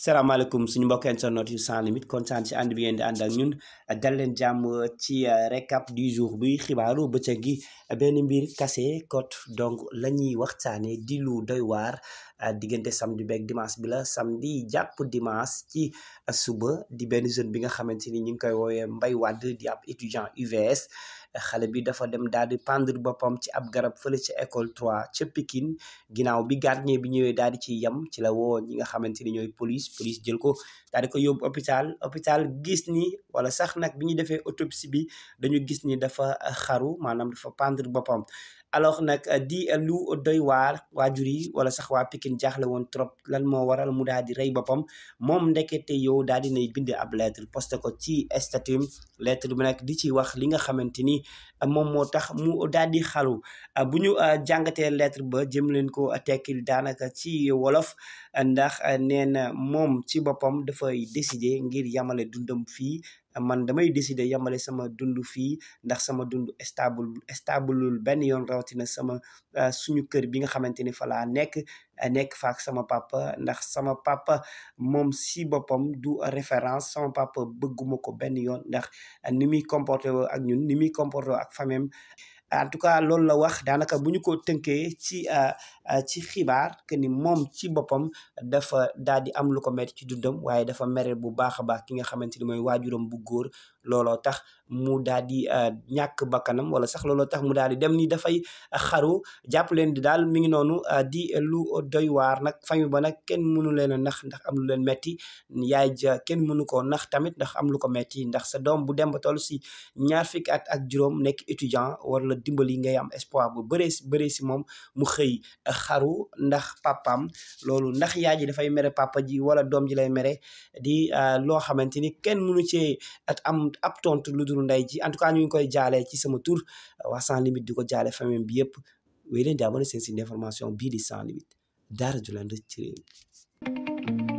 salaamaaleykum suñu mbokk internet yu sans limite kontaan si ànd bi ngeen di ànd ak ñun dal leen jàmm ci euh, récap du jour bi xibaaru bëccëg gi benn mbir kase kot donc la ñuy waxtaanee di lu doy waar euh, diggante samedi beeg dimanche bi la samedi jàpp dimanche ci euh, suba di benn jeune bi nga xamante ni ñu ngi koy woowee Mbaye Wade di ab étudiant UVS xale bi dafa dem daal di pendre boppam ci ab garab fële ci école 3 ca Pikine ginnaaw bi gardien bi ñëwee daal di ci yem ci la woo ñi nga xamante ni ñooy police police jël ko daal ko yóbbu hôpital hôpital gis ni wala sax nag bi ñu defee autopsie bi dañu gis ni dafa xaru maanaam dafa pendre boppam alors nag euh, di euh, lu doy waar waajur yi wala sax waa Pikine jaaxle woon trop lan moo waral mu daal di rey boppam moom ndekete yow daal di nay bind ab lettre posté ko ci statut lettre bi nag di ci wax li nga xamante ni euh, moom moo tax mu daal di xalu bu ñu jàngatee lettre ba jëm leen ko tekkil daanaka ci wolof ndax nee na moom ci boppam dafay décider ngir yamale dundam fii man damay décider yamale sama dund fii ndax sama dund stable stablul benn yoon rawatina sama euh, suñu kër bi nga xamante ni fa nekk nekk nekk faak sama papa ndax sama pappa moom si boppam du référence sama papa bëgguma ko benn yoon ndax ni muy comporté ak ñun ni muy comporté ak famem en tout cas loolu la wax daanaka bu ñu ko tënkee ci euh, euh, ci xibaar que ni moom ci boppam dafa daal di am lu ko metti ci dundam waaye dafa mere bu baax a baax ki nga xamante ni mooy waajuram bu góor looloo tax mu daal di euh, ñàkk bakkanam wala sax looloo tax mu daal di dem ni dafay xaru jàpp leen di daal mi ngi noonu di lu doywaar waar nag famille ba nag kenn mënu leen a nax ndax am lu leen metti yaay ja kenn mënu koo nax tamit ndax am lu ko metti ndax sa doom bu dem ba toll si ñaar fukki at ak juróom nekk étudiant war dimbali ngay am espoir bu bëree si bëree si moom mu xëy xaru ndax papaam loolu ndax yaay ji dafay mere papa ji wala doom ji lay mere di euh, loo xamante ni kenn mënu cee at am ab tontu lu dul ndey ji en tout cas ñu ngi koy jaalee ci sama tur waa sans limite di ko jaale famille bi yëpp wéy leen di abonné seen bii di sans limite daara ju leen ci réew